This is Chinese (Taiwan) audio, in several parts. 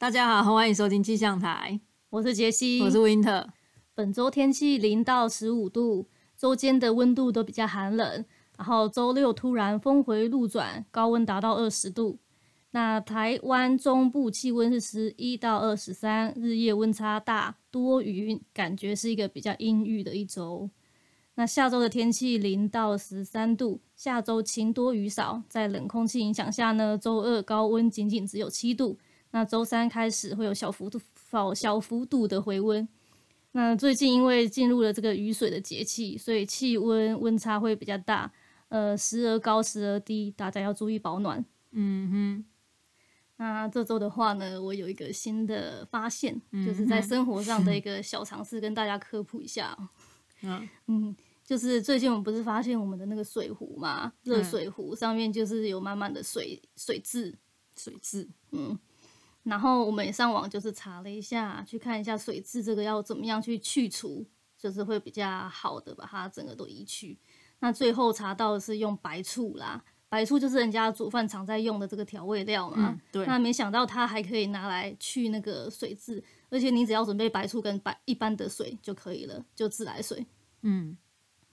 大家好，歡迎收聽氣象台。我是傑西，我是 Winter。本週天氣零到十五度，週間的溫度都比較寒冷。然後週六突然峰回路轉，高溫達到二十度。那台灣中部氣溫是十一到二十三，日夜溫差大，多雲，感覺是一個比較陰鬱的一周。那下周的天氣零到十三度，下周晴多雨少，在冷空氣影響下呢，周二高溫僅僅只有七度。那周三開始會有小幅度、小小幅度的回溫。那最近因為進入了這個雨水的節氣，所以氣溫溫差會比較大，呃，時而高，時而低，大家要注意保暖。嗯哼。那這週的話呢，我有一個新的發現，嗯、哼，就是在生活上的一個小嘗試，跟大家科普一下哦。嗯嗯，就是最近我們不是發現我們的那個水壺嘛，熱水壺上面就是有滿滿的水水漬，水漬，嗯。然後我們也上網就是查了一下，去看一下水漬這個要怎麼樣去去除，就是會比較好的把它整個都移去。那最後查到的是用白醋啦，白醋就是人家煮飯常在用的這個調味料嘛。嗯、對。那沒想到它還可以拿來去那個水漬，而且你只要準備白醋跟白一般的水就可以了，就自來水。嗯。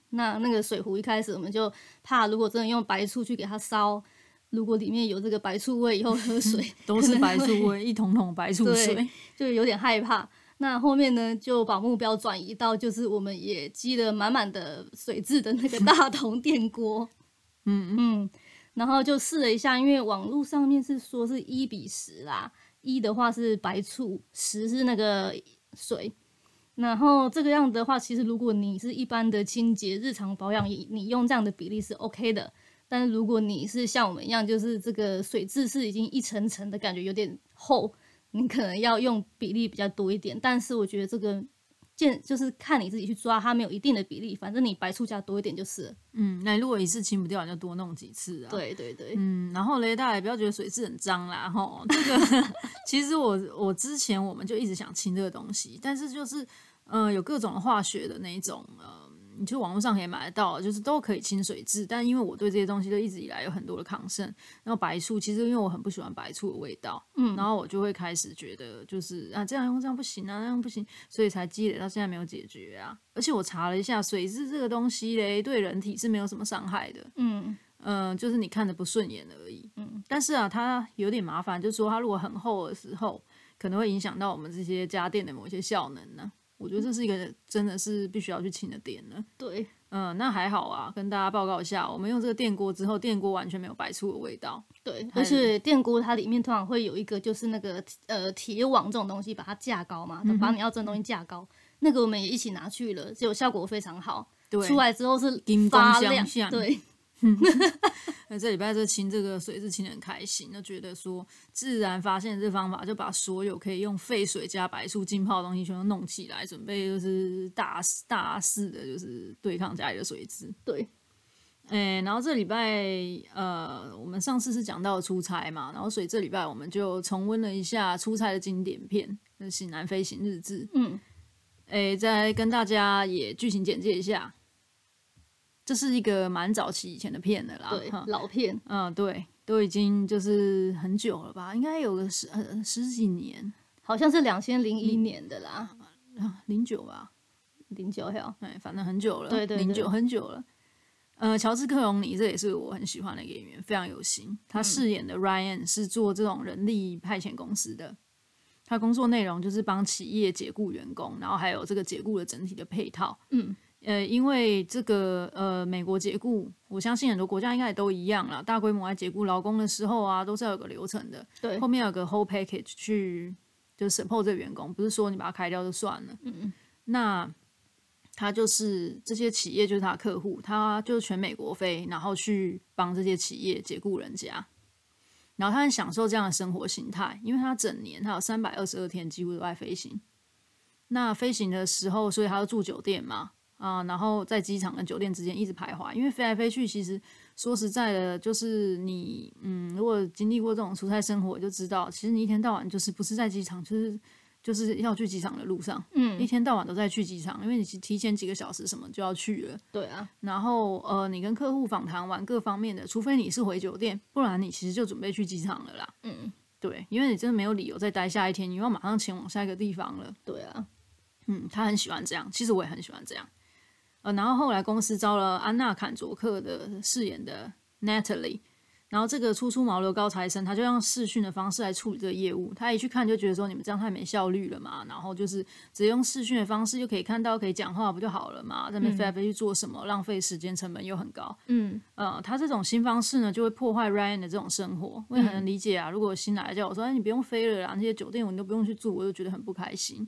那那個水壺一開始我們就怕，如果真的用白醋去給它燒。如果裡面有這個白醋味，以後喝水都是白醋味，一桶桶白醋水對，就有點害怕。那後面呢，就把目標轉移到就是我們也積了滿滿的水質的那個大同電鍋， 嗯嗯,嗯，然後就試了一下，因為網絡上面是說是一比十啦，一的話是白醋，十是那個水，然後這個樣的話，其實如果你是一般的清潔日常保養，你用這樣的比例是 OK 的。但是如果你是像我們一樣，就是這個水質是已經一層層的感覺有點厚，你可能要用比例比較多一點。但是我覺得這個見就是看你自己去抓，它沒有一定的比例，反正你白醋加多一點就是。嗯，那如果一次清不掉，你就多弄幾次啊。對對對，嗯，然後呢，大家也不要覺得水質很髒啦，吼，這個 其實我我之前我們就一直想清這個東西，但是就是嗯、呃、有各種化學的那一種呃。你去網絡上也可以買得到，就是都可以清水質，但因為我對這些東西都一直以來有很多的抗性，然後白醋其實因為我很不喜歡白醋的味道，嗯，然後我就會開始覺得就是啊這樣用這樣不行啊那樣不行，所以才積累到現在沒有解決啊。而且我查了一下水質這個東西嘞，對人體是沒有什麼傷害的，嗯嗯，就是你看得不順眼而已，嗯。但是啊，它有點麻煩，就是說它如果很厚的時候，可能會影響到我們這些家電的某些效能呢、啊。我覺得這是一個真的是必須要去請的點了。對，嗯，那還好啊，跟大家報告一下，我們用這個電鍋之後，電鍋完全沒有白醋的味道。對，冷而且電鍋它裡面通常會有一個就是那個呃鐵網這種東西，把它架高嘛，把你要蒸的東西架高，嗯、哼那個我們也一起拿去了，就效果非常好。對，出來之後是金光閃閃，對。嗯，那 這禮拜就清這個水質，清得很開心，就覺得說自然發現這方法，就把所有可以用廢水加白醋浸泡的東西全都弄起來，準備就是大大肆的，就是對抗家裡的水質。對，哎、欸，然後這禮拜呃，我們上次是講到了出差嘛，然後所以這禮拜我們就重溫了一下出差的經典片就是《型男飛行日誌》。嗯，哎、欸，再跟大家也劇情簡介一下。這是一個蠻早期以前的片的啦，對，呵老片，嗯，對，都已經就是很久了吧，應該有個十、呃、十幾年，好像是兩千零一年的啦、嗯呃，零九吧，零九還要、嗯，反正很久了，對,對對，零九很久了，呃，喬治克隆尼這也是我很喜歡的演員，非常有型，他飾演的 Ryan、嗯、是做這種人力派遣公司的，他工作內容就是幫企業解雇員工，然後還有這個解雇的整體的配套，嗯。呃，因為這個呃，美國解僱，我相信很多國家應該也都一樣啦，大規模來解雇勞工的時候啊，都是要有個流程的。對，後面有個 whole package 去就 support 這員工，不是說你把它開掉就算了。嗯嗯。那他就是這些企業就是他的客戶，他就是全美國飛，然後去幫這些企業解雇人家。然後他很享受這樣的生活形態，因為他整年他有三百二十二天幾乎都在飛行。那飛行的時候，所以他要住酒店嘛。啊、呃，然後在機場跟酒店之間一直徘徊，因為飛來飛去，其實說實在的，就是你，嗯，如果經歷過這種出差生活，就知道，其實你一天到晚就是不是在機場，就是就是要去機場的路上，嗯，一天到晚都在去機場，因為你提前幾個小時什麼就要去了，對啊，然後呃，你跟客戶訪談完各方面的，除非你是回酒店，不然你其實就準備去機場了啦，嗯，對，因為你真的沒有理由再待下一天，你又要馬上前往下一個地方了，對啊，嗯，他很喜歡這樣，其實我也很喜歡這樣。然後後來公司招了安娜·坎卓克的飾演的 Natalie，然後這個初出茅廬高材生，他就用視訊的方式來處理這個業務。他一去看就覺得說，你們這樣太沒效率了嘛。然後就是只用視訊的方式就可以看到，可以講話，不就好了嘛？在那邊飛來飛去做什麼？浪費時間，成本又很高。嗯，呃，他這種新方式呢，就會破壞 Ryan 的這種生活。我也很能理解啊，如果新來的叫我說，哎，你不用飛了啊，那些酒店我都不用去住，我就覺得很不開心、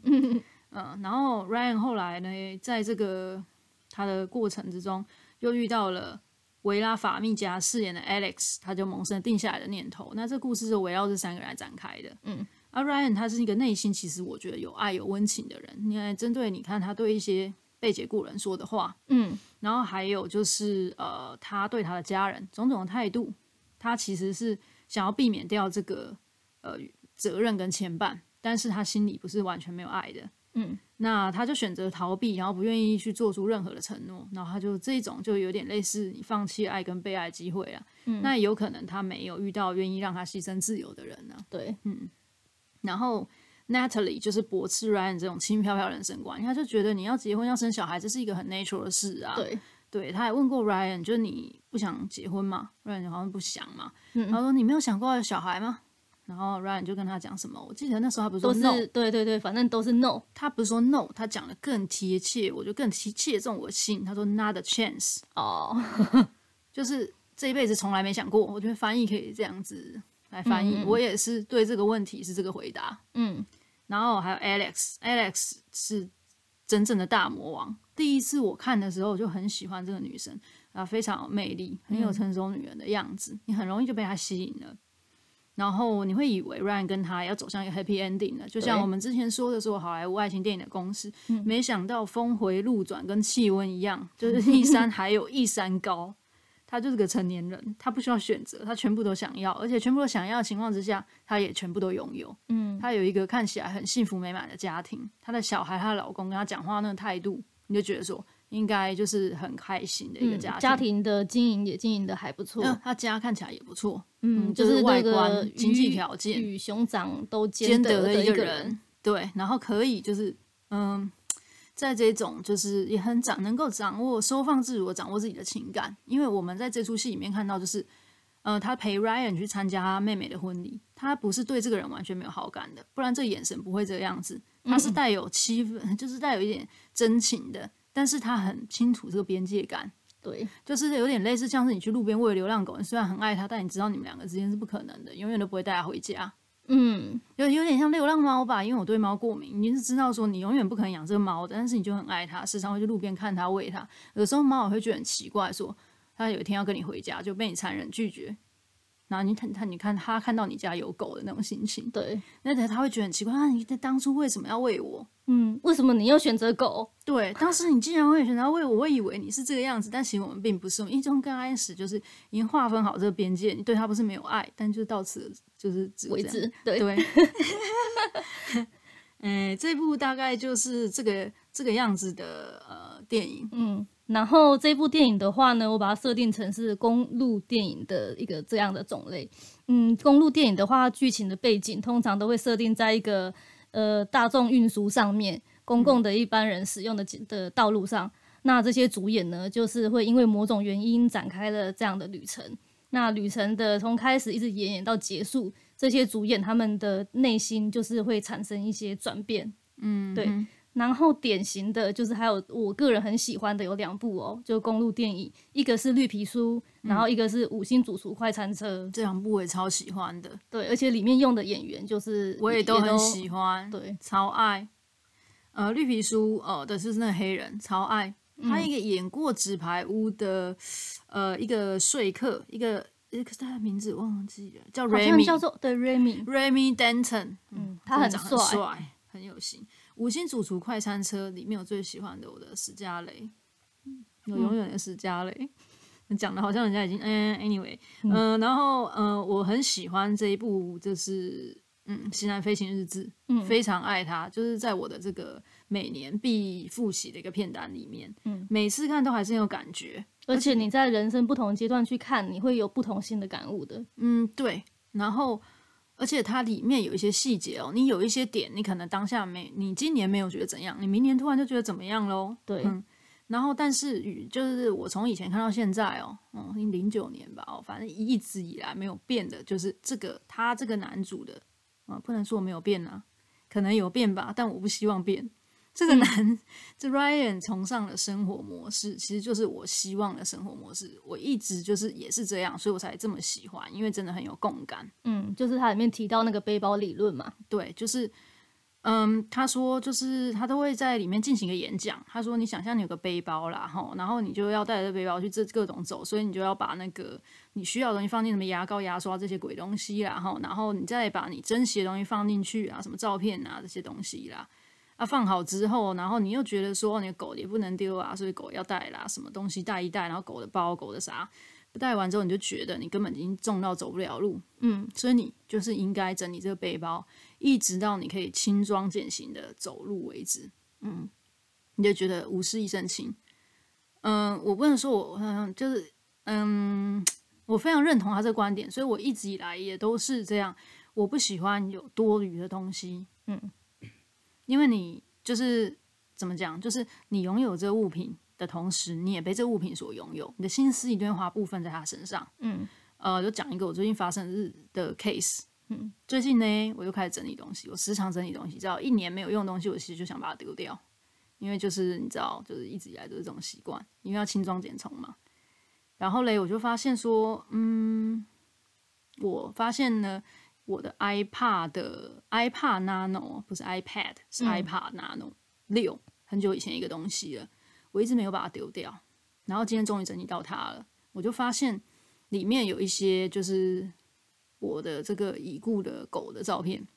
呃。嗯，然後 Ryan 後來呢，在這個。他的過程之中，又遇到了維拉法密加飾演的 Alex，他就萌生定下來的念頭。那這故事是圍繞這三個人來展開的。嗯，啊，Ryan 他是一個內心其實我覺得有愛有溫情的人。你看，針對你看他對一些被解雇人說的話，嗯，然後還有就是呃，他對他的家人種種的態度，他其實是想要避免掉這個呃責任跟牽絆，但是他心裡不是完全沒有愛的。嗯，那他就選擇逃避，然後不願意去做出任何的承諾，然後他就這種就有點類似你放棄愛跟被愛機會啊。嗯，那也有可能他沒有遇到願意讓他犧牲自由的人呢，啊。對，嗯。然後 Natalie 就是駁斥 Ryan 這種輕飄飄人生觀，他就覺得你要結婚要生小孩，這是一個很 natural 的事啊。對，對。他還問過 Ryan 就你不想結婚嗎？Ryan 好像不想嘛。嗯。然後說你沒有想過要小孩嗎？然後 Ryan 就跟他講什麼，我記得那時候他不是、no, 都是對對對，反正都是 No，他不是說 No，他講得更貼切，我就更貼切中我心。他說 Not a chance，哦，oh. 就是這一輩子從來沒想過。我覺得翻譯可以這樣子來翻譯，嗯嗯，我也是對這個問題是這個回答。嗯，然後還有 Alex，Alex Alex 是真正的大魔王。第一次我看的時候就很喜歡這個女生啊，然後非常有魅力，很有成熟女人的樣子，你、嗯、很容易就被她吸引了。然後你會以為 Ryan 跟他要走向一個 happy ending 了。就像我們之前說的說好萊塢愛情電影的公式，對沒想到峰回路轉，跟氣溫一樣，就是一山還有一山高。 他就是個成年人，他不需要選擇，他全部都想要，而且全部都想要的情況之下，他也全部都擁有。嗯，他有一個看起來很幸福美滿的家庭，他的小孩，他的老公跟他講話那個態度，你就覺得說。應該就是很開心的一個家庭。嗯，家庭的經營也經營的還不錯。嗯，他家看起來也不錯，嗯，就是、就是外觀，經濟條件與熊掌都兼得的一個人，對，然後可以就是嗯，在這種就是也很掌能夠掌握收放自如，掌握自己的情感，因為我們在這出戲裡面看到，就是呃、嗯，他陪 Ryan 去參加他妹妹的婚禮，他不是對這個人完全沒有好感的，不然這眼神不會這個樣子，他是帶有七分，嗯、就是帶有一點真情的。但是他很清楚這個邊界感，對，就是有點類似像是你去路邊餵流浪狗，你雖然很愛它，但你知道你們兩個之間是不可能的，永遠都不會帶它回家。嗯，有有點像流浪貓吧，因為我對貓過敏，你是知道說你永遠不可能養這個貓的，但是你就很愛它，時常會去路邊看它餵它，有時候貓也會覺得很奇怪，說它有一天要跟你回家，就被你殘忍拒絕。然後你看他，你看他看到你家有狗的那種心情，對。那他他會覺得很奇怪啊，你當初為什麼要餵我？嗯，為什麼你又選擇狗？對，當時你竟然會選擇餵我，我以為你是這個樣子，但其實我們並不是。我們從剛開始就是已經劃分好這個邊界，你對他不是沒有愛，但就到此就是為止。對對。 嗯，這部大概就是這個這個樣子的呃電影。嗯。然後這部電影的話呢，我把它設定成是公路電影的一個這樣的種類。嗯，公路電影的話，劇情的背景通常都會設定在一個呃大眾運輸上面，公共的一般人使用的、嗯、的道路上。那這些主演呢，就是會因為某種原因展開了這樣的旅程。那旅程的從開始一直演演到結束，這些主演他們的內心就是會產生一些轉變。嗯，對。嗯然後典型的就是還有我個人很喜歡的有兩部哦，就是、公路電影，一個是《綠皮書》，然後一個是《五星主廚快餐車》，嗯，這兩部我也超喜歡的。對，而且裡面用的演員就是也我也都很喜歡，對，超愛。呃，《綠皮書》哦、呃，就是那個黑人，超愛。他一個演過《紙牌屋》的，呃，一個說客，一個，可是他的名字忘記了，叫瑞米，叫做對，瑞米，Remy Denton，嗯，他很帥，很帥，很有型。五星主廚快餐車裡面我最喜歡的我的史嘉蕾，有、嗯嗯、永遠的史嘉蕾。講的好像人家已經、哎、anyway, 嗯，anyway，嗯、呃，然後嗯、呃，我很喜歡這一部，就是嗯，《型男飛行日誌》嗯，非常愛它，就是在我的這個每年必複習的一個片單裡面，嗯、每次看都還是有感覺，而且你在人生不同階段去看，你會有不同新的感悟的。嗯，對，然後。而且它裡面有一些細節哦，你有一些點，你可能當下沒，你今年沒有覺得怎樣，你明年突然就覺得怎麼樣嘍。對，嗯，然後但是與就是我從以前看到現在哦，嗯，零九年吧，哦，反正一直以來沒有變的，就是這個他這個男主的，啊，不能說沒有變啊，可能有變吧，但我不希望變。這個男，嗯、這 Ryan 崇尚的生活模式，其實就是我希望的生活模式。我一直就是也是這樣，所以我才這麼喜歡，因為真的很有共感。嗯，就是他裡面提到那個背包理論嘛，對，就是，嗯，他說就是他都會在裡面進行一個演講。他說，你想象你有個背包啦，哈，然後你就要帶着背包去這各種走，所以你就要把那個你需要的東西放進什麼牙膏、牙刷這些鬼東西啦，然後然後你再把你珍惜的東西放進去啊，什麼照片啊這些東西啦。啊，放好之後，然後你又覺得說，你的狗也不能丟啊，所以狗要帶啦、啊，什麼東西帶一帶，然後狗的包、狗的啥，不帶完之後你就覺得你根本已經重到走不了路，嗯，所以你就是應該整理這個背包，一直到你可以輕裝簡行的走路為止，嗯，你就覺得無事一身輕。嗯，我不能說我，嗯，就是嗯，我非常認同他這個觀點，所以我一直以來也都是這樣，我不喜歡有多餘的東西，嗯。因為你就是怎麼講，就是你擁有這物品的同時，你也被這物品所擁有。你的心思一定會花部分在它身上。嗯，呃，就講一個我最近發生的日的 case。嗯，最近呢，我就開始整理東西。我時常整理東西，只要一年沒有用的東西，我其實就想把它丟掉。因為就是你知道，就是一直以來都是這種習慣，因為要輕裝簡從嘛。然後呢，我就發現說，嗯，我發現呢。我的 iPod 的 iPod Nano 不是 iPad，是 iPod Nano 六、嗯，很久以前一個東西了，我一直沒有把它丟掉，然後今天終於整理到它了，我就發現裡面有一些就是我的這個已故的狗的照片，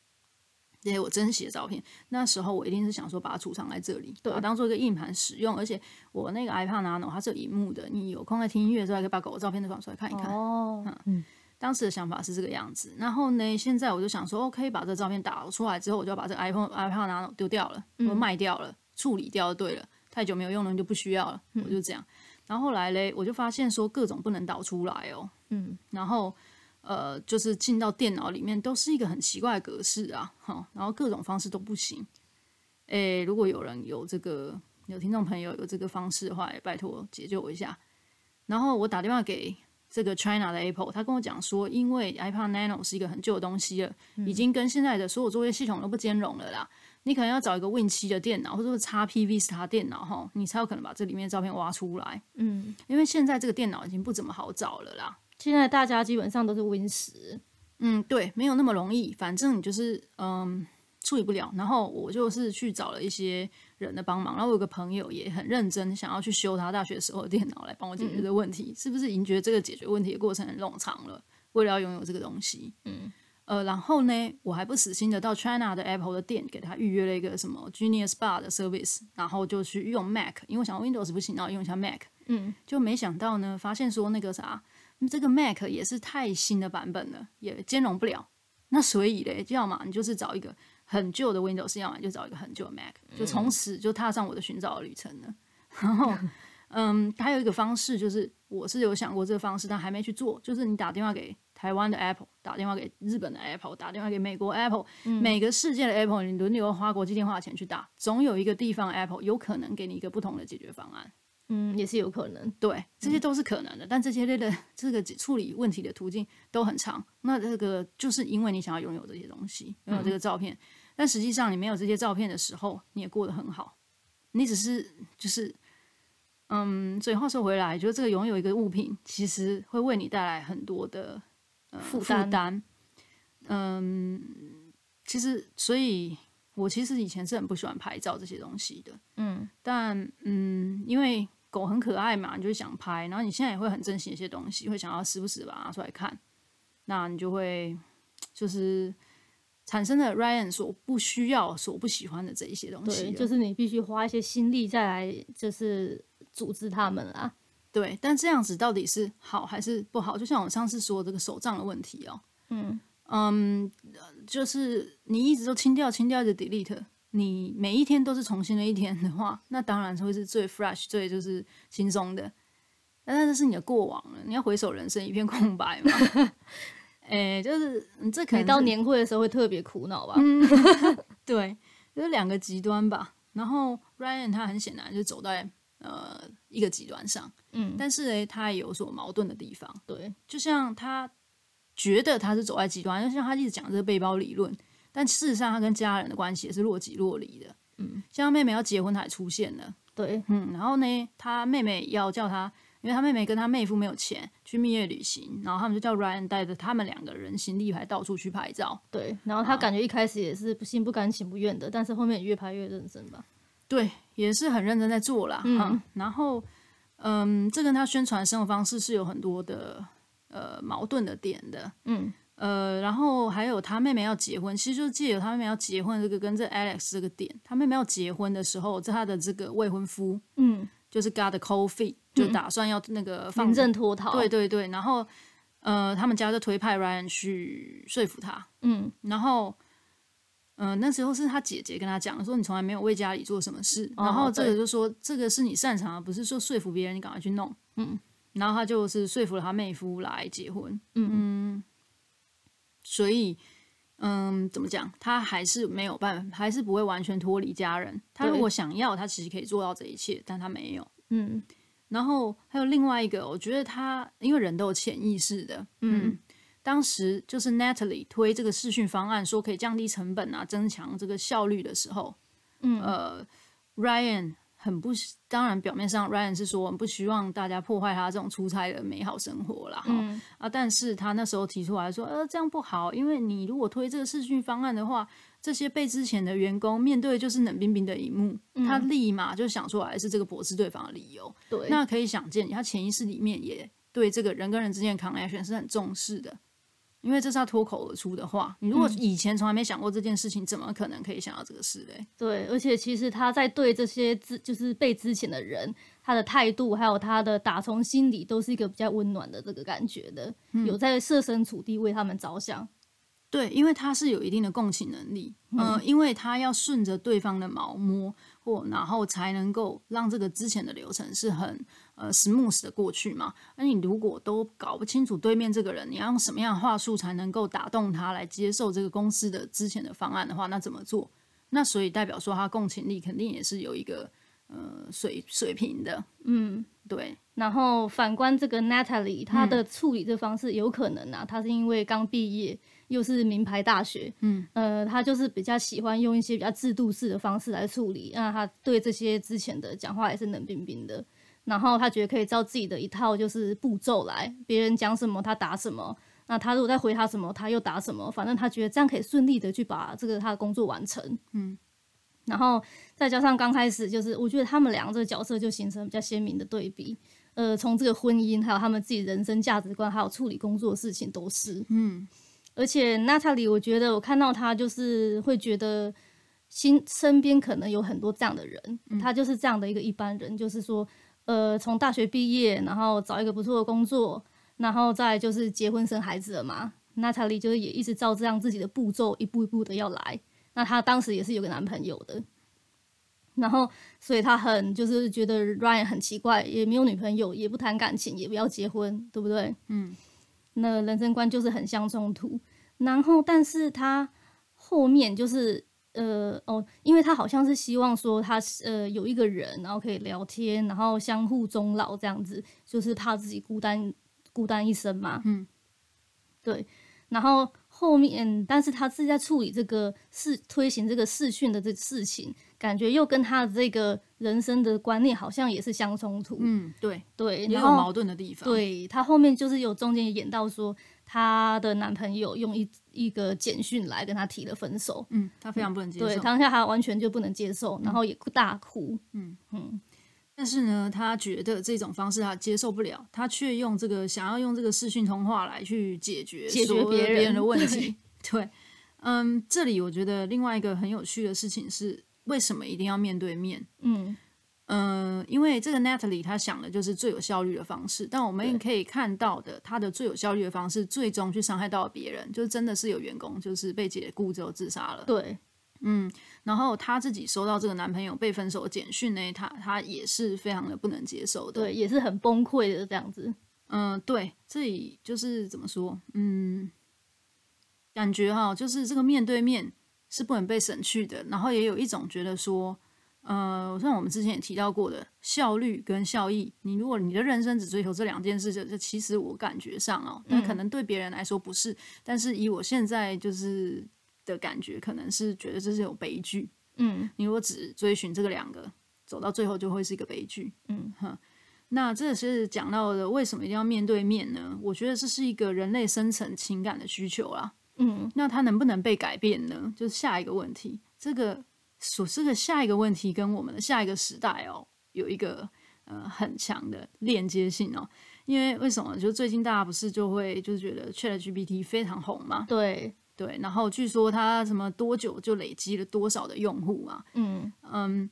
這些我珍惜的照片，那時候我一定是想說把它儲藏在這裡，對，當做一個硬盤使用，而且我那個 iPod Nano 它是有熒幕的，你有空在聽音樂的時候，還可以把狗的照片都放出來看一看哦，嗯。當時的想法是這個樣子，然後呢，現在我就想說，OK，把這照片導出來之後，我就要把這個 iPhone、iPad 拿走丟掉了，嗯、我賣掉了，處理掉就對了，太久沒有用了就不需要了，嗯、我就這樣。然後後來嘞，我就發現說各種不能導出來哦，嗯，然後呃，就是進到電腦裡面都是一個很奇怪的格式啊，哈，然後各種方式都不行。哎，如果有人有這個，有聽眾朋友有這個方式的話，也拜托解救我一下。然後我打電話給。這個 China 的 Apple，他跟我講說，因為 iPod Nano 是一個很舊的東西了，嗯、已經跟現在的所有作業系統都不兼容了啦。你可能要找一個 Win 七的電腦，或者是叉 P V Star 叉電腦哈，你才有可能把這裡面的照片挖出來。嗯，因為現在這個電腦已經不怎麼好找了啦。現在大家基本上都是 Win 十。嗯，對，沒有那麼容易。反正你就是嗯。處理不了，然後我就是去找了一些人的幫忙。然後我有個朋友也很認真，想要去修他大學時候的電腦來幫我解決這個問題。嗯、是不是已經覺得這個解決問題的過程很冗長了？為了要擁有這個東西，嗯，呃，然後呢，我還不死心的到 China 的 Apple 的店給他預約了一個什麼 Genius Bar 的 service，然後就去用 Mac，因為我想 Windows 不行，然後用一下 Mac，嗯，就沒想到呢，發現說那個啥，這個 Mac 也是太新的版本了，也兼容不了。那所以嘞，就要嘛，你就是找一個。很舊的 Windows，要不就找一個很舊的 Mac，就從此就踏上我的尋找的旅程了。然後，嗯，還有一個方式就是，我是有想過這個方式，但還沒去做。就是你打電話給台灣的 Apple，打電話給日本的 Apple，打電話給美國 Apple，、嗯、每個世界的 Apple，你輪流花國際電話錢去打，總有一個地方 Apple 有可能給你一個不同的解決方案。嗯，也是有可能，對，這些都是可能的。嗯、但這些類的這個處理問題的途徑都很長。那這個就是因為你想要擁有這些東西，擁有這個照片。嗯但實際上，你沒有這些照片的時候，你也過得很好。你只是就是，嗯，最後說回來，覺得這個擁有一個物品，其實會為你帶來很多的負擔，呃，負擔。嗯，其實，所以，我其實以前是很不喜歡拍照這些東西的。嗯，但嗯，因為狗很可愛嘛，你就會想拍。然後你現在也會很珍惜一些東西，會想要時不時把它拿出來看。那你就會就是。產生了 Ryan 所不需要、所不喜歡的這一些東西，對，就是你必須花一些心力再來就是組織他們啦。對，但這樣子到底是好還是不好？就像我上次說這個手賬的問題哦、喔，嗯嗯，嗯，就是你一直都清掉、清掉、的 delete，你每一天都是重新的一天的話，那當然會是最 fresh、最就是輕鬆的。但那是你的過往了，你要回首人生一片空白嗎？ 哎，就是這可能到年會的時候會特別苦惱吧？嗯， 對，就是兩個極端吧。然後 Ryan 他很顯然就走在呃一個極端上，嗯，但是呢，他也有所矛盾的地方。對，就像他覺得他是走在極端，就像他一直講這個背包理論，但事實上他跟家人的關係也是若即若離的。嗯，像他妹妹要結婚，他也出現了。對，嗯，然後呢，他妹妹要叫他。因為他妹妹跟他妹夫沒有錢去蜜月旅行，然後他們就叫 Ryan 帶着他們兩個人形立牌到處去拍照。對，然後他感覺一開始也是不心不甘情不願的，呃、但是後面越拍越認真吧。對，也是很認真在做啦。嗯,嗯，然後，嗯、呃，這跟他宣傳生活方式是有很多的呃矛盾的點的。嗯，呃，然後還有他妹妹要結婚，其實就是借由他妹妹要結婚這個跟這 Alex 這個點，他妹妹要結婚的時候，在他的這個未婚夫，嗯。就是 got the cold feet，、嗯、就打算要那個脫逃。對對對，然後，呃，他們家就推派 Ryan 去說服他，嗯，然後，嗯、呃，那時候是他姐姐跟他講說，你從來沒有為家裡做什麼事，哦、然後這個就說對這個是你擅長的，不是說說服別人，你趕快去弄，嗯，然後他就是說服了他妹夫來結婚，嗯,嗯,嗯，所以。嗯，怎麼講？他還是沒有辦法，還是不會完全脫離家人。他如果想要，他其實可以做到這一切，但他沒有。對嗯，然後還有另外一個，我覺得他因為人都有潛意識的。嗯,嗯，當時就是 Natalie 推這個視訊方案，說可以降低成本啊，增強這個效率的時候，嗯，呃，Ryan。很不當然，表面上 Ryan 是說我們不希望大家破壞他這種出差的美好生活啦哈、嗯、啊，但是他那時候提出來說，呃，這樣不好，因為你如果推這個視訊方案的話，這些被之前的員工面對就是冷冰冰的螢幕，嗯、他立馬就想出來是這個駁斥對方的理由。對，那可以想見，他潛意識裡面也對這個人跟人之間的 connection 是很重視的。因為這是他脫口而出的話。你、嗯、如果以前從來沒想過這件事情，怎麼可能可以想到這個事嘞？對，而且其實他在對這些資，就是被資遣的人，他的態度還有他的打從心裡都是一個比較溫暖的這個感覺的，嗯、有在設身處地為他們着想。對，因為他是有一定的共情能力，呃、嗯，因為他要順着對方的毛摸。或然後才能夠讓這個之前的流程是很呃 smooth 的過去嘛？那你如果都搞不清楚對面這個人，你要用什麼樣的話術才能夠打動他來接受這個公司的之前的方案的話，那怎麼做？那所以代表說他共情力肯定也是有一個呃水水平的。嗯，對。然後反觀這個 Natalie，她的處理這方式有可能啊，嗯、她是因為剛畢業。又是名牌大學，嗯，呃，他就是比較喜歡用一些比較制度式的方式來處理，那他對這些之前的講話也是冷冰冰的。然後他覺得可以照自己的一套就是步驟來，別人講什麼他答什麼。那他如果再回他什麼，他又答什麼，反正他覺得這樣可以順利的去把這個他的工作完成，嗯。然後再加上剛開始就是，我覺得他們兩個這個角色就形成比較鮮明的對比，呃，從這個婚姻，還有他們自己的人生價值觀，還有處理工作的事情都是，嗯。而且娜塔莉，我覺得我看到她就是會覺得，心身邊可能有很多這樣的人，她就是這樣的一個一般人，就是說，呃，從大學畢業，然後找一個不錯的工作，然後再就是結婚生孩子了嘛。娜塔莉就是也一直照這樣自己的步驟，一步一步的要來。那她當時也是有個男朋友的，然後所以她很就是覺得 Ryan 很奇怪，也沒有女朋友，也不談感情，也不要結婚，對不對？嗯。那人生觀就是很相衝突，然後，但是他後面就是，呃，哦，因為他好像是希望說他，呃，有一個人，然後可以聊天，然後相互終老這樣子，就是怕自己孤單，孤單一生嘛，嗯，對，然後後面，但是他是在處理這個試推行這個視訊的這個事情。感覺又跟他這個人生的觀念好像也是相衝突。嗯，對對，也有矛盾的地方。對，他後面就是有中間演到說，他的男朋友用一一個簡訊來跟他提了分手。嗯，他非常不能接受。嗯。對，當下他完全就不能接受，嗯，然後也大哭。嗯嗯，嗯，但是呢，他覺得這種方式他接受不了，他卻用這個想要用這個視訊通話來去解決解決別人，別人的問題。對。對，嗯，這裡我覺得另外一個很有趣的事情是。為什麼一定要面對面？嗯嗯、呃，因為這個 Natalie 她想的就是最有效率的方式，但我們也可以看到的，對她的最有效率的方式最終去傷害到別人，就是真的是有員工就是被解僱之後自殺了。對，嗯，然後她自己收到這個男朋友被分手的簡訊呢，她她也是非常的不能接受的，對，也是很崩潰的這樣子。嗯、呃，對，這裡就是怎麼說，嗯，感覺哈，就是這個面對面。是不能被省去的。然後也有一種覺得說，呃，像我們之前也提到過的效率跟效益。你如果你的人生只追求這兩件事，就，就其實我感覺上哦，那可能對別人來說不是。嗯，但是以我現在就是的感覺，可能是覺得這是有悲劇。嗯，你如果只追尋這個兩個，走到最後就會是一個悲劇。嗯哼，那這是講到的為什麼一定要面對面呢？我覺得這是一個人類深層情感的需求啦。嗯，mm hmm. 那，它能不能被改變呢？就是下一個問題，這個所這的下一個問題跟我們的下一個時代哦，有一個呃很強的鏈接性哦。因為為什麼？就最近大家不是就會就是覺得 ChatGPT 非常紅嘛？對對。然後據說它什麼多久就累積了多少的用戶啊。嗯、mm hmm. 嗯。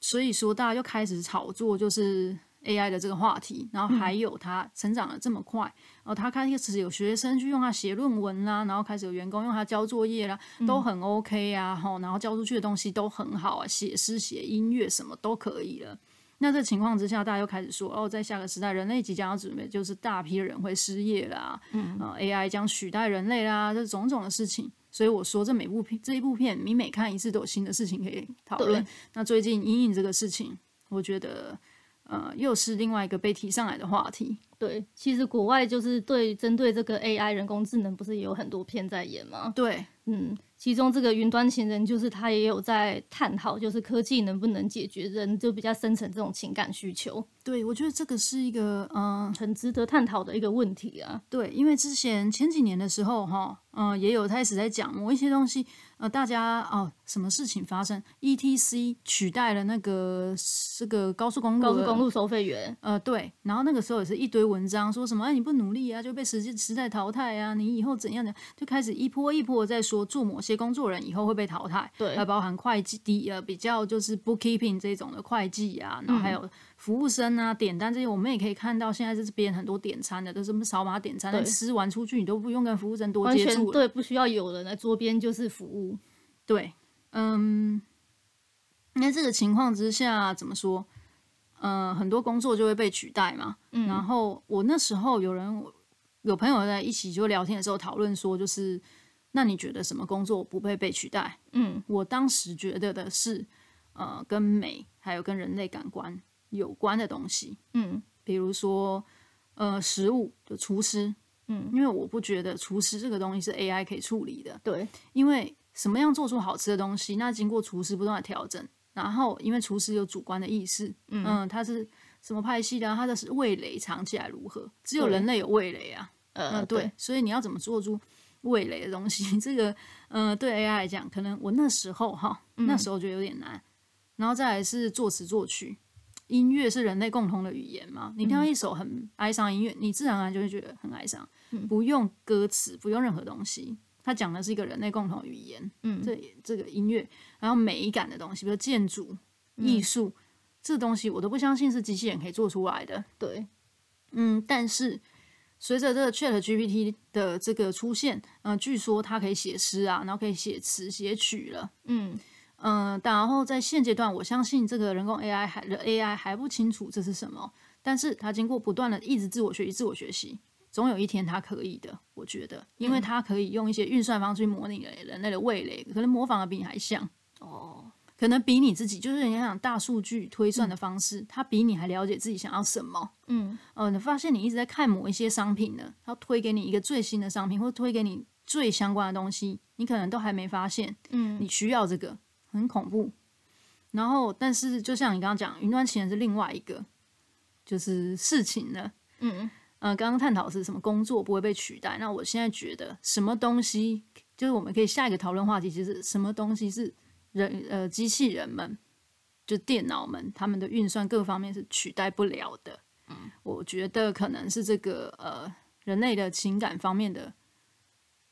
所以說，大家就開始炒作，就是。A I 的這個話題，然後還有它成長的這麼快哦，它、嗯、開始有學生去用它寫論文啦、啊，然後開始有員工用它交作業啦、啊，都很 O、okay、K 啊。吼，然後交出去的東西都很好啊，寫詩、寫音樂什麼都可以了。那這個情況之下，大家又開始說，哦，在下個時代，人類即將要準備，就是大批的人會失業啦，嗯，A I 將取代人類啦，這種種的事情。所以我說，這每部片這一部片，你每看一次都有新的事情可以討論。對那最近因應這個事情，我覺得。呃，又是另外一個被提上來的話題。對，其實國外就是對針對這個 AI 人工智能，不是也有很多片在演嗎？對，嗯，其中這個雲端情人就是他也有在探討，就是科技能不能解決人就比較深層這種情感需求。對，我覺得這個是一個嗯、呃、很值得探討的一個問題啊。對，因為之前前幾年的時候哈，嗯、哦呃，也有開始在講某一些東西。呃，大家哦，什麼事情發生？ETC 取代了那個這個高速公路。高速公路收費員。呃，對。然後那個時候也是一堆文章，說什麼、哎、你不努力啊，就被實際時代淘汰啊，你以後怎樣的，就開始一波一波的在說，做某些工作人以後會被淘汰。對。還包含會計的呃，比較就是 bookkeeping 這種的會計啊，然後還有。嗯服務生啊，點單這些，我們也可以看到，現在這邊很多點餐的都是什麼掃碼點餐，對吃完出去你都不用跟服務生多接觸，對，不需要有人在桌邊就是服務。對，嗯，那這個情況之下怎麼說？呃，很多工作就會被取代嘛。嗯。然後我那時候有人有朋友在一起就聊天的時候討論說，就是那你覺得什麼工作不被被取代？嗯，我當時覺得的是，呃，跟美還有跟人類感官。有關的東西，嗯，比如說，呃，食物就廚師，嗯，因為我不覺得廚師這個東西是 A I 可以處理的，對，因為什麼樣做出好吃的東西，那經過廚師不斷的調整，然後因為廚師有主觀的意識，嗯，他、呃、是什麼派系的，他的味蕾嘗起來如何，只有人類有味蕾啊，對對呃，對，所以你要怎麼做出味蕾的東西，這個，嗯、呃，對 A I 來講，可能我那時候哈，那時候覺得有點難，嗯、然後再來是作詞作曲。音樂是人類共同的語言嘛，你聽到一首很哀傷的音樂，你自然而然就會覺得很哀傷，嗯、不用歌詞，不用任何東西，它講的是一個人類共同語言。嗯，這這個音樂，然後美感的東西，比如建築、藝術，嗯、這東西我都不相信是機器人可以做出來的。對，嗯，但是隨着這個 ChatGPT 的這個出現，嗯、呃，據說它可以寫詩啊，然後可以寫詞、寫曲了，嗯。嗯，但然後在現階段，我相信這個人工 AI 還的 AI 還不清楚這是什麼，但是它經過不斷的一直自我學習、自我學習，總有一天它可以的。我覺得，因為它可以用一些運算方式去模擬人類的味蕾，可能模仿的比你還像哦，可能比你自己就是人家想大數據推算的方式，它、嗯、比你還了解自己想要什麼。嗯，呃、嗯，你發現你一直在看某一些商品呢，它推給你一個最新的商品，或推給你最相關的東西，你可能都還沒發現，嗯，你需要這個。很恐怖，然後但是就像你剛剛講，雲端情人是另外一個就是事情的嗯嗯，呃，剛剛探討是什麼工作不會被取代，那我現在覺得什麼東西就是我們可以下一個討論話題。其實什麼東西是人、呃機器人們就電腦們，他們的運算各方面是取代不了的。嗯，我覺得可能是這個呃人類的情感方面的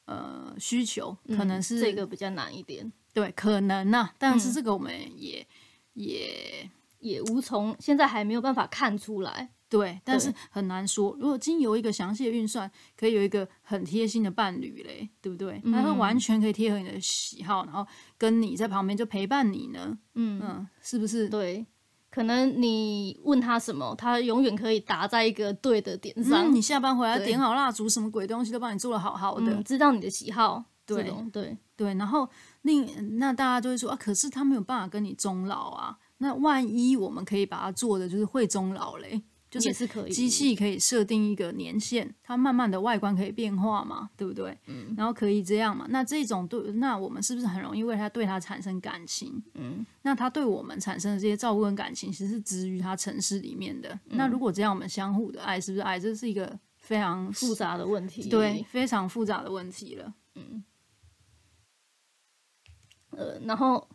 呃需求，可能是、嗯、這個比較難一點。對，可能吶、啊，但是這個我們也、嗯、也也、也無從，現在還沒有辦法看出來。對，但是很難說。對如果經由一個詳細的運算，可以有一個很貼心的伴侶嘞，對不對？他會完全可以貼合你的喜好，嗯、然後跟你在旁邊就陪伴你呢。嗯嗯，是不是？對，可能你問他什麼，他永遠可以答在一個對的點上。嗯、你下班回來點好蠟燭，對什麼鬼東西都幫你做得好好的、嗯，知道你的喜好。對對對，然後。另那大家就會說啊，可是他沒有辦法跟你終老啊。那萬一我們可以把它做的就是會終老嘞，就是機器可以設定一個年限，它慢慢的外觀可以變化嘛，對不對？嗯。然後可以這樣嘛？那這種對，那我們是不是很容易為他對他產生感情？嗯。那他對我們產生的這些照顧跟感情，其實是植於他城市裡面的。嗯、那如果這樣，我們相互的愛，是不是愛？這是一個非常複雜的，複雜的問題。對，非常複雜的問題了。嗯。呃，然後，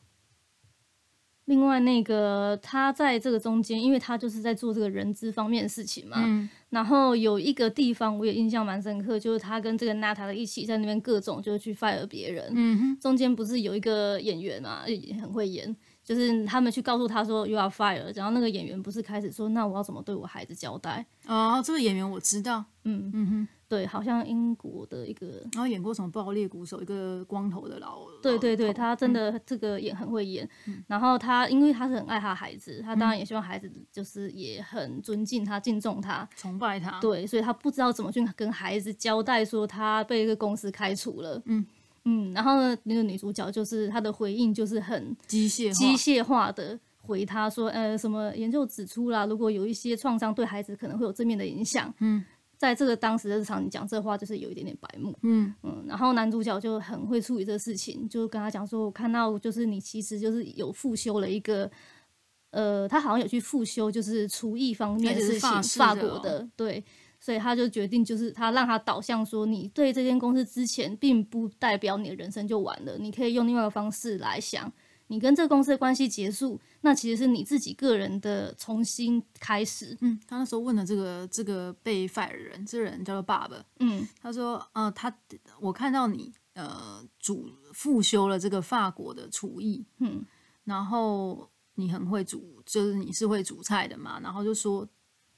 另外那個他在這個中間，因為他就是在做這個人資方面的事情嘛。嗯、然後有一個地方我也印象蠻深刻，就是他跟這個娜塔的一起在那邊各種就是去 fire 別人。嗯、哼中間不是有一個演員嘛，也很會演。就是他們去告訴他說 you are fired 然後那個演員不是開始說那我要怎麼對我孩子交代啊？哦，這個演員我知道，嗯嗯哼，對，好像英國的一個，然後演過什麼《爆裂鼓手》，一個光頭的老，對對對，頭他真的這個也很會演，嗯、然後他因為他是很愛他孩子，他當然也希望孩子就是也很尊敬他、敬重他、崇拜他，對，所以他不知道怎麼去跟孩子交代說他被一個公司開除了，嗯。嗯，然後呢，那個女主角就是她的回應就是很機械機械化的回她說，呃，什麼研究指出啦，如果有一些創傷對孩子可能會有正面的影響。嗯，在這個當時的日常你講這話就是有一點點白目。嗯嗯，然後男主角就很會處理這個事情，就跟他講說，我看到就是你其實就是有複修了一個，呃，他好像有去複修，就是廚藝方面是法法國的，的哦、對。所以他就決定，就是他讓他導向說，你對這間公司之前並不代表你的人生就完了，你可以用另外一個方式來想，你跟這個公司的關係結束，那其實是你自己個人的重新開始。嗯，他那時候問了這個這個被 fire 的人，這個人叫做 Bob。嗯，他說，呃，他我看到你呃主複修了這個法國的廚藝。嗯，然後你很會煮，就是你是會煮菜的嘛，然後就說。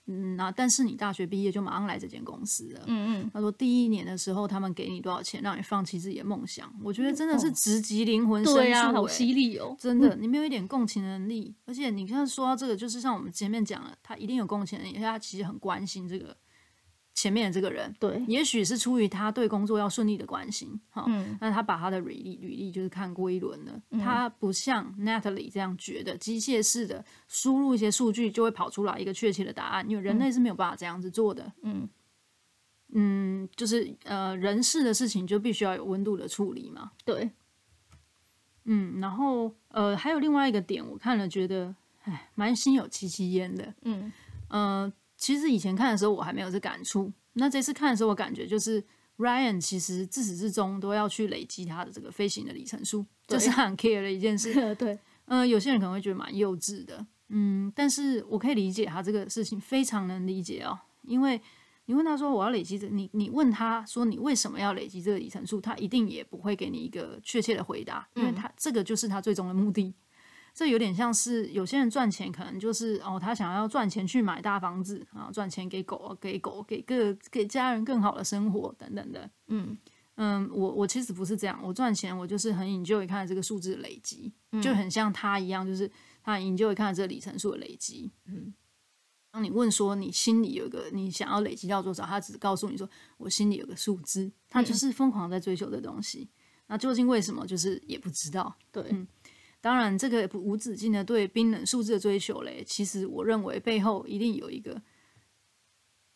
嗯、啊，那但是你大學畢業就馬上來這間公司了。嗯嗯，他說第一年的時候他們給你多少錢，讓你放棄自己的夢想？我覺得真的是直擊靈魂深處，欸對啊，好犀利哦！真的，你沒有一點共情能力。嗯、而且你看，說到這個，就是像我們前面講了，他一定有共情能力，而且他其實很關心這個。前面的這個人，對，也許是出於他對工作要順利的關心，哈、嗯，那他把他的履歷履歷就是看過一輪了，嗯、哼他不像 Natalie 這樣覺得機械式的輸入一些數據就會跑出來一個確切的答案，因為人類是沒有辦法這樣子做的，嗯嗯，就是呃人事的事情就必須要有溫度的處理嘛，對，嗯，然後呃還有另外一個點，我看了覺得，哎，蠻心有戚戚焉的，嗯嗯。呃其實以前看的時候我還沒有這感觸，那這次看的時候我感覺就是 Ryan 其實自始至終都要去累積他的這個飛行的里程數，這對是很 care 的一件事。 對，嗯、呃，有些人可能會覺得蠻幼稚的，嗯，但是我可以理解他這個事情，非常能理解哦。因為你問他說我要累積這，你你問他說你為什麼要累積這個里程數，他一定也不會給你一個確切的回答，因為他、嗯、這個就是他最終的目的。這有點像是有些人賺錢，可能就是哦，他想要賺錢去買大房子啊，然後賺錢給狗、給狗、給個給家人更好的生活等等的。嗯嗯，我我其實不是這樣，我賺錢我就是很享受看這個數字的累積，嗯、就很像他一樣，就是他很享受看這個里程數的累積。嗯，當你問說你心裡有個你想要累積到多少，他只告訴你說我心裡有個數字，他就是瘋狂在追求的東西。嗯、那究竟為什麼？就是也不知道。對。嗯當然，這個無止境的對冰冷數字的追求嘞，其實我認為背後一定有一個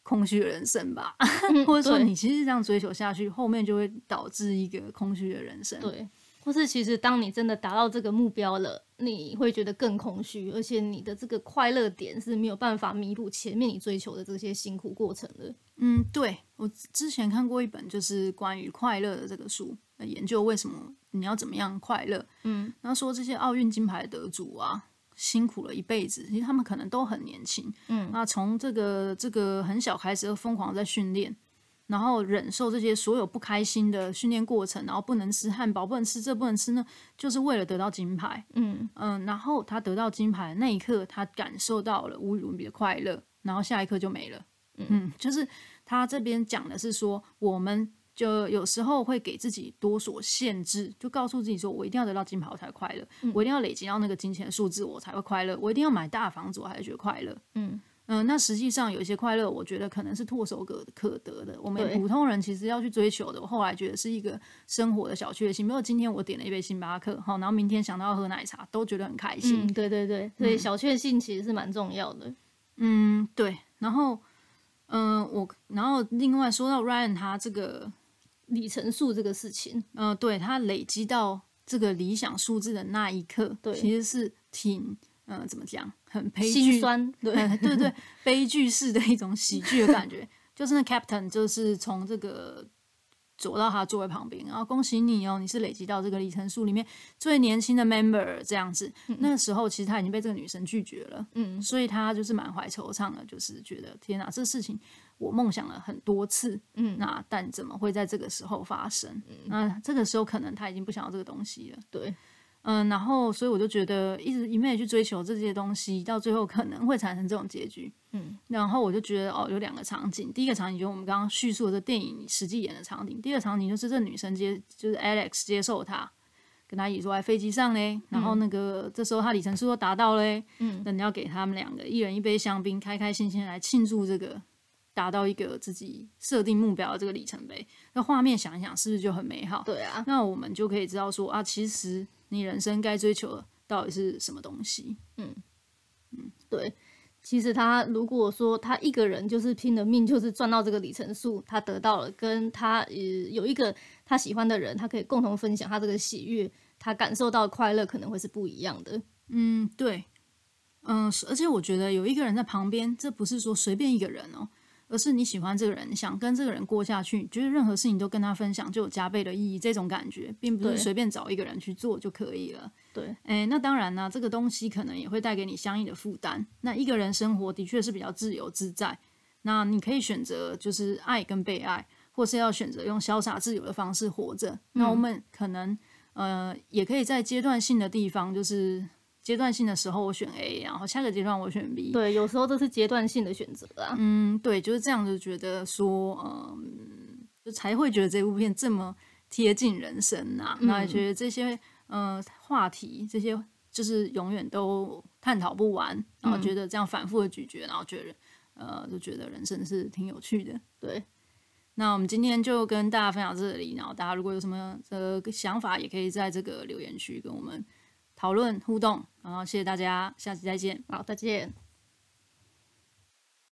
空虛的人生吧，嗯、或者說你其實這樣追求下去，後面就會導致一個空虛的人生。對，或是其實當你真的達到這個目標了，你會覺得更空虛，而且你的這個快樂點是沒有辦法彌補前面你追求的這些辛苦過程的。嗯，對，我之前看過一本就是關於快樂的這個書，來研究為什麼。你要怎麼樣快樂？嗯，那說這些奧運金牌得主啊，辛苦了一輩子，因為他們可能都很年輕，嗯，那、啊、從這個這個很小開始，就瘋狂在訓練，然後忍受這些所有不開心的訓練過程，然後不能吃漢堡，不能吃這個，不能吃那，就是為了得到金牌，嗯嗯、呃，然後他得到金牌那一刻，他感受到了無與倫比的快樂，然後下一刻就沒了，嗯，嗯，就是他這邊講的是說我們。就有時候會給自己多所限制，就告訴自己說：“我一定要得到金牌，我才快樂，嗯、我一定要累積到那個金錢數字我才會快樂，我一定要買大房子我才會覺得快樂。嗯”嗯嗯、呃，那實際上有一些快樂，我覺得可能是唾手可可得的。我們普通人其實要去追求的，我後來覺得是一個生活的小確幸。比如今天我點了一杯星巴克，好，然後明天想到要喝奶茶，都覺得很開心。嗯、對對對，所以小確幸其實是蠻重要的。嗯。嗯，對。然後，嗯、呃，我然後另外說到 Ryan 他這個。里程數這個事情，嗯、呃，對，他累積到這個理想數字的那一刻，對其實是挺，嗯、呃，怎麼講，很悲劇，辛酸，對，對對，悲劇式的一種喜劇的感覺， 就是那 Captain 就是從這個。走到他座位旁邊，然後恭喜你哦，你是累積到這個里程數裡面最年輕的 member 這樣子。嗯啊、那時候其實他已經被這個女生拒絕了，嗯，所以他就是滿懷惆悵的，就是覺得天哪，這事情我夢想了很多次，嗯，那但怎麼會在這個時候發生？嗯、那這個時候可能他已經不想要這個東西了，對。嗯，然後所以我就覺得一直一面去追求這些東西，到最後可能會產生這種結局。嗯，然後我就覺得哦，有兩個場景，第一個場景就是我們剛剛敘述的這電影實際演的場景，第二個場景就是這女生接就是 Alex 接受他，跟他一起坐在飛機上嘞。嗯、然後那個這時候他里程數都達到嘞，嗯，那你要給他們兩個一人一杯香檳，開開心心來慶祝這個達到一個自己設定目標的這個里程碑。那畫面想一想是不是就很美好？對啊，那我們就可以知道說啊，其實。你人生該追求的到底是什麼東西？嗯嗯，對，其實他如果說他一個人就是拼了命，就是賺到這個里程數，他得到了，跟他呃有一個他喜歡的人，他可以共同分享他這個喜悅，他感受到快樂，可能會是不一樣的。嗯，對，嗯、呃，而且我覺得有一個人在旁邊，這不是說隨便一個人哦。而是你喜歡這個人，想跟這個人過下去，覺得任何事情都跟他分享就有加倍的意義。這種感覺並不是隨便找一個人去做就可以了。對，誒，那當然呢啊，這個東西可能也會帶給你相應的負擔。那一個人生活的確是比較自由自在，那你可以選擇就是愛跟被愛，或是要選擇用瀟灑自由的方式活着。那我們可能呃，也可以在階段性的地方就是。階段性的時候我選 A，然後下個階段我選 B。對，有時候都是階段性的選擇啊。嗯，對，就是這樣，就覺得說，嗯，就才會覺得這部片這麼貼近人生啊，那、嗯、覺得這些，嗯、呃，話題這些就是永遠都探討不完，然後覺得這樣反覆的咀嚼，嗯、然後覺得，呃，就覺得人生是挺有趣的。對，那我們今天就跟大家分享這裡，然後大家如果有什麼的、呃、想法，也可以在這個留言區跟我們。討論互動，然後謝謝大家，下次再見。好，再見。